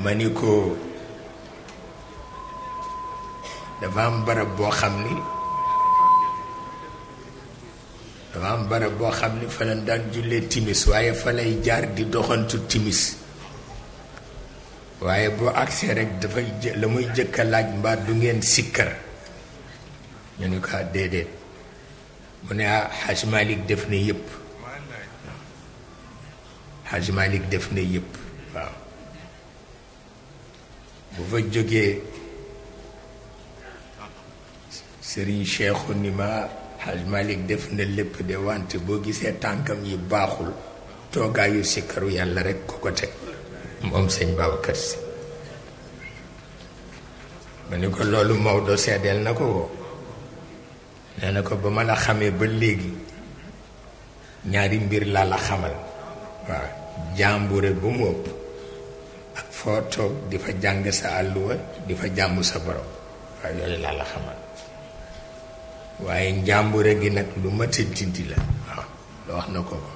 ma ni ko dafa am barab boo xam ni dafa am barab boo xam ni fa lañ daan jullee timis waaye fa lay jaar di doxantu timis waaye boo agsee rek dafay la muy jëkk laaj mbaa du ngeen sikkar ñu ni ko ah, déedéet mu ne ah def na yëpp Haj def na yépp waaw bu fa jógee sëriñ Cheikhu ni ma Haj Malik def na lépp de wante boo gisee tànkam yi baaxul toogaayu sikkaru yàlla rekk ko ko teg moom sëñ Babacar Si ma ni ko loolu Maodo seddeel na ko woo nee na ko ba mën a xamee ba léegi ñaari mbir laa la xamal waaw jàmbure bu mu foo toog di fa jàng sa àlluwa di fa jàmm sa borom waaye yooyu laa la xamal waaye njàmbure gi nag lu ma tëdd la waaw loo wax na ko ko